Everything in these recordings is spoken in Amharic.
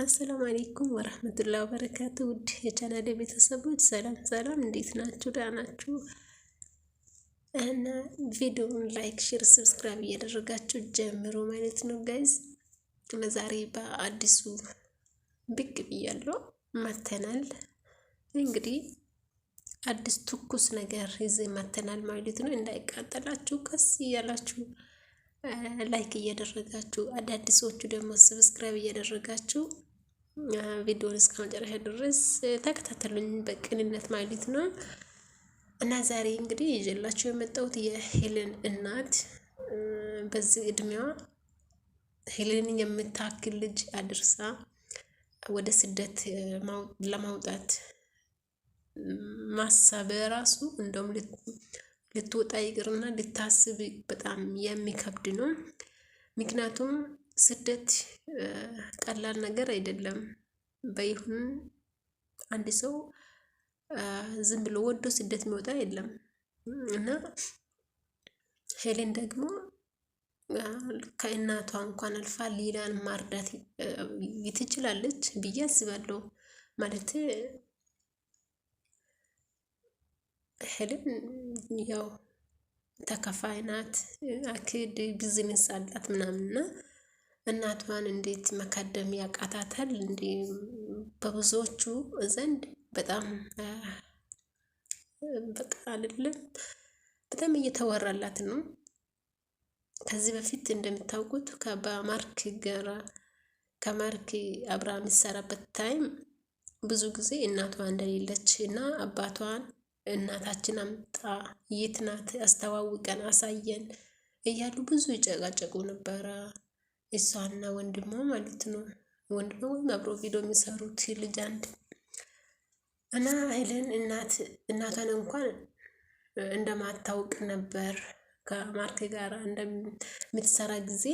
አሰላሙ አሌይኩም ወረህመቱላ በረካቱ ውድ የቻናሌ ቤተሰቦች ሰላም ሰላም፣ እንዴት ናችሁ? ደህና ናችሁ? እና ቪዲዮውን ላይክ፣ ሼር፣ ሰብስክራይብ እያደረጋችሁ ጀምሮ ማለት ነው ጋይዝ። ለዛሬ በአዲሱ ብቅ ብያለሁ መተናል። እንግዲህ አዲስ ትኩስ ነገር ይዘን መተናል ማለት ነው። እንዳይቃጠላችሁ ቀስ እያላችሁ ላይክ እያደረጋችሁ አዳዲሶቹ ደግሞ ሰብስክራይብ እያደረጋችሁ ቪዲዮን እስከ መጨረሻ ድረስ ተከታተሉኝ በቅንነት ማለት ነው። እና ዛሬ እንግዲህ ይዤላችሁ የመጣሁት የሄለን እናት በዚህ እድሜዋ ሄለንን የምታክል ልጅ አድርሳ ወደ ስደት ለማውጣት ማሳበ ራሱ እንደውም ልትወጣ ይቅርና ልታስብ በጣም የሚከብድ ነው። ምክንያቱም ስደት ቀላል ነገር አይደለም። በይሁን አንድ ሰው ዝም ብሎ ወዶ ስደት የሚወጣ የለም እና ሄሌን ደግሞ ከእናቷ እንኳን አልፋ ሌላን ማርዳት ትችላለች ብዬ አስባለሁ ማለት ህልም ያው ተከፋይ ናት፣ አክድ ቢዝነስ አላት ምናምንና እናቷን እንዴት መከደም ያቃታታል እንዴ? በብዙዎቹ ዘንድ በጣም በቃ አይደለም በጣም እየተወራላት ነው። ከዚህ በፊት እንደምታውቁት በማርክ ጋራ ከማርክ አብራ የሚሰራበት ታይም ብዙ ጊዜ እናቷ እንደሌለች እና አባቷን እናታችን አምጣ የት ናት አስተዋውቀን አሳየን እያሉ ብዙ ይጨቃጨቁ ነበረ። እሷና ወንድሟ ማለት ነው። ወንድሟ ወይም አብሮ ቪዲዮ የሚሰሩት ልጅ አንድ እና ሄለን እናት እናቷን እንኳን እንደማታውቅ ነበር ከማርክ ጋር እንደምትሰራ ጊዜ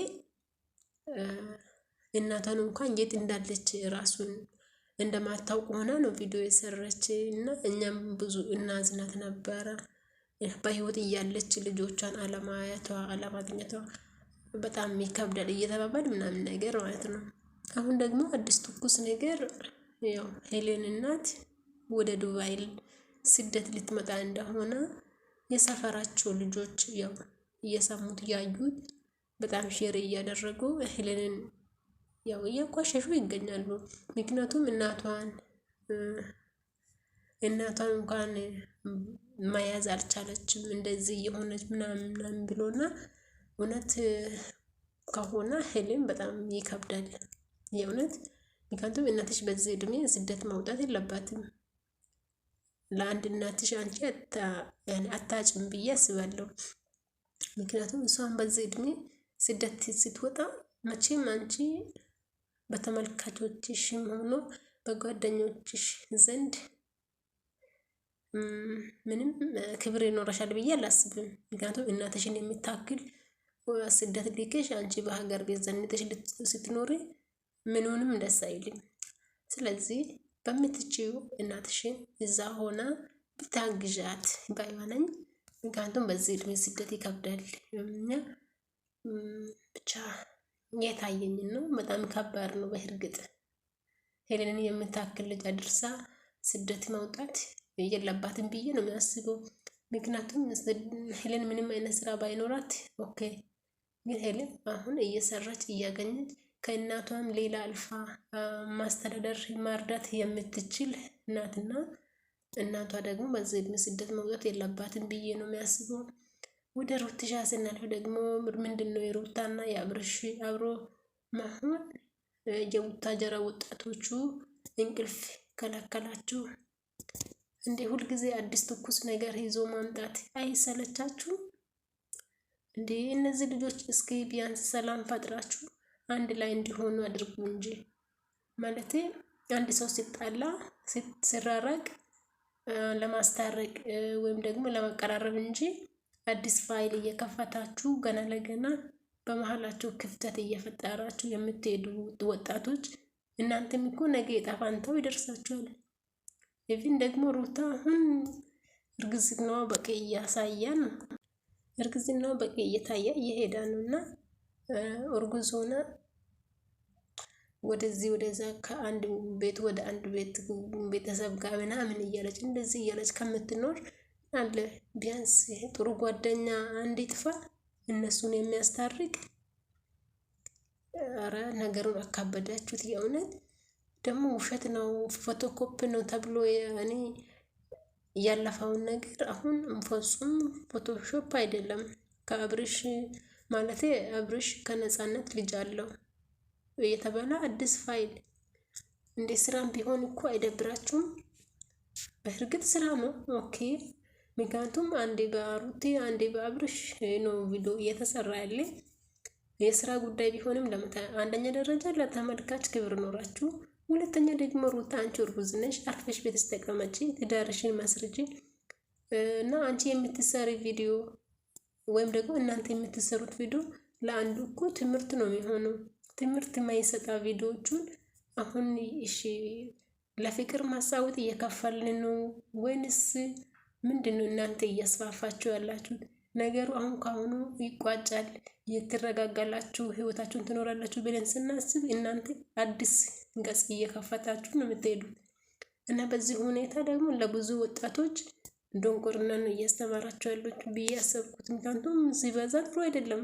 እናቷን እንኳን የት እንዳለች ራሱን እንደማታውቅ ሆና ነው ቪዲዮ የሰራች እና እኛም ብዙ እናዝናት ነበረ። በህይወት እያለች ልጆቿን አለማየቷ አለማግኘቷ በጣም ይከብዳል እየተባባል ምናምን ነገር ማለት ነው። አሁን ደግሞ አዲስ ትኩስ ነገር ያው ሄሌን እናት ወደ ዱባይ ስደት ልትመጣ እንደሆነ የሰፈራቸው ልጆች ያው እየሰሙት ያዩት በጣም ሼር እያደረጉ ሄሌንን ያው እየቆሸሹ ይገኛሉ። ምክንያቱም እናቷን እናቷን እንኳን መያዝ አልቻለችም እንደዚህ የሆነች ምናምን ምናምን ብሎና እውነት ከሆነ ህልም በጣም ይከብዳል የእውነት ምክንያቱም እናትሽ በዚህ እድሜ ስደት መውጣት የለባትም። ለአንድ እናትሽ አንቺ አታጭም ብዬ አስባለሁ። ምክንያቱም እሷን በዚህ እድሜ ስደት ስትወጣ መቼም አንቺ በተመልካቾችሽም ሆኖ በጓደኞችሽ ዘንድ ምንም ክብር ይኖረሻል ብዬ አላስብም። ምክንያቱም እናትሽን የሚታክል ስደት ልክሽ አንቺ በሀገር ቤት ዘንጥሽ ስትኖሪ ምኑንም ደስ አይልም። ስለዚህ በምትችው እናትሽን እዛ ሆና ብታግዣት ባይሆነኝ፣ ምክንያቱም በዚህ እድሜ ስደት ይከብዳል። ብቻ የታየኝን ነው። በጣም ከባድ ነው። በእርግጥ ሄለንን የምታክል ልጅ አድርሳ ስደት መውጣት የለባትም ብዬ ነው የሚያስበው። ምክንያቱም ሄለን ምንም አይነት ስራ ባይኖራት ኦኬ፣ ግን ሄለን አሁን እየሰራች እያገኘች ከእናቷም ሌላ አልፋ ማስተዳደር ማርዳት የምትችል እናትና እናቷ ደግሞ በዚህ ስደት መውጣት የለባትም ብዬ ነው የሚያስበው። ወደ ሩትሻ ስናልፍ ደግሞ ምንድን ነው የሩታና የአብርሽ አብሮ መሆን የቡታጀራ ወጣቶቹ እንቅልፍ ከላከላችሁ እንዴ? ሁልጊዜ አዲስ ትኩስ ነገር ይዞ ማምጣት አይሰለቻችሁ እንዴ? እነዚህ ልጆች እስኪ ቢያንስ ሰላም ፈጥራችሁ አንድ ላይ እንዲሆኑ አድርጉ እንጂ ማለት አንድ ሰው ሲጣላ ሲራራቅ ለማስታረቅ ወይም ደግሞ ለመቀራረብ እንጂ አዲስ ፋይል እየከፈታችሁ ገና ለገና በመሀላችሁ ክፍተት እየፈጠራችሁ የምትሄዱ ወጣቶች እናንተም እኮ ነገ ዕጣ ይደርሳችኋል። ኢቭን ደግሞ ሩታ አሁን እርግዝናዋ በቂ እያሳየ ነው። እርግዝናዋ በቂ እየታየ እየሄዳ ነው እና እርጉዝ ሆና ወደዚህ ወደዛ ከአንድ ቤት ወደ አንድ ቤት ቤተሰብ ጋር ምናምን እያለች እንደዚህ እያለች ከምትኖር አለ። ቢያንስ ጥሩ ጓደኛ አንድ ይጥፋ እነሱን የሚያስታርቅ። አረ ነገሩን አካበዳችሁት። የእውነት ደግሞ ውሸት ነው ፎቶኮፕ ነው ተብሎ እኔ ያለፈውን ነገር አሁን ፈጹም ፎቶሾፕ አይደለም። ከአብርሽ ማለቴ አብርሽ ከነጻነት ልጅ አለው የተባለ አዲስ ፋይል እንዴ ስራም ቢሆን እኮ አይደብራችሁም? በእርግጥ ስራ ነው ኦኬ። ምክንያቱም አንዴ በሩቴ አንዴ በአብርሽ ነው ቪዲዮ እየተሰራ ያለ። የስራ ጉዳይ ቢሆንም አንደኛ ደረጃ ለተመልካች ክብር ኖራችሁ፣ ሁለተኛ ደግሞ ሩታ አንቺ እርጉዝ ነሽ፣ አርፈሽ ቤትስ ተቀመጪ፣ ትዳርሽን መስርጂ እና አንቺ የምትሰሪ ቪዲዮ ወይም ደግሞ እናንተ የምትሰሩት ቪዲዮ ለአንዱ እኮ ትምህርት ነው የሚሆነው። ትምህርት የማይሰጣ ቪዲዮዎቹን አሁን እሺ፣ ለፍቅር ማሳወጥ እየከፈልን ነው ወይንስ ምንድን ነው እናንተ እያስፋፋችሁ ያላችሁት ነገሩ? አሁን ካሁኑ ይቋጫል፣ የትረጋጋላችሁ፣ ህይወታችሁን ትኖራላችሁ ብለን ስናስብ እናንተ አዲስ ገጽ እየከፈታችሁ ነው የምትሄዱት እና በዚህ ሁኔታ ደግሞ ለብዙ ወጣቶች ድንቁርና ነው እያስተማራቸው ያሉት ብዬ ያሰብኩት። ምክንያቱም ሲበዛ ጥሩ አይደለም።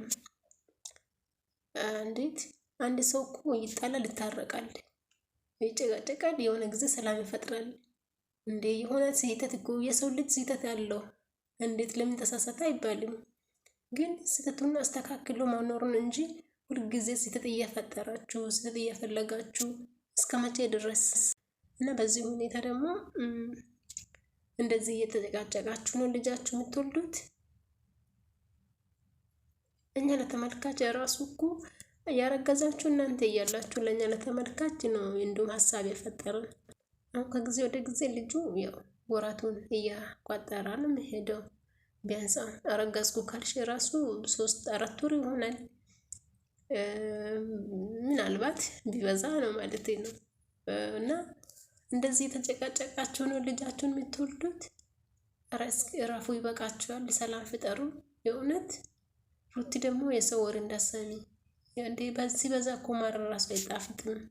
እንዴት አንድ ሰው እኮ ይጣላል፣ ይታረቃል፣ ይጨቃጨቃል፣ የሆነ ጊዜ ሰላም ይፈጥራል። እንዴ የሆነ ስህተት እኮ የሰው ልጅ ስህተት ያለው እንዴት ለምን ተሳሳተ አይባልም። ግን ስህተቱን አስተካክሎ ማኖሩን እንጂ ሁልጊዜ ስህተት እየፈጠራችሁ ስህተት እያፈለጋችሁ እስከ መቼ ድረስ? እና በዚህ ሁኔታ ደግሞ እንደዚህ እየተጨቃጨቃችሁ ነው ልጃችሁ የምትወልዱት። እኛ ለተመልካች የራሱ እኮ ያረገዛችሁ እናንተ እያላችሁ ለእኛ ለተመልካች ነው እንዲሁም ሀሳብ የፈጠረን አሁን ከጊዜ ወደ ጊዜ ልጁ ያው ወራቱን እያቋጠረ ነው የሚሄደው። ቢያንስ አረጋዝኩ ካልሽ ራሱ ሶስት አራት ወር ይሆናል። ምናልባት ቢበዛ ነው ማለት ነው። እና እንደዚህ የተጨቃጨቃችሁ ነው ልጃችሁን የምትወልዱት? ኧረ እስኪ እረፉ፣ ይበቃችኋል፣ ሰላም ፍጠሩ። የእውነት ሩቲ ደግሞ የሰው ወር እንዳሰሚ እንዴ! በዚህ በዛ ኮማር ራሱ አይጣፍጥም።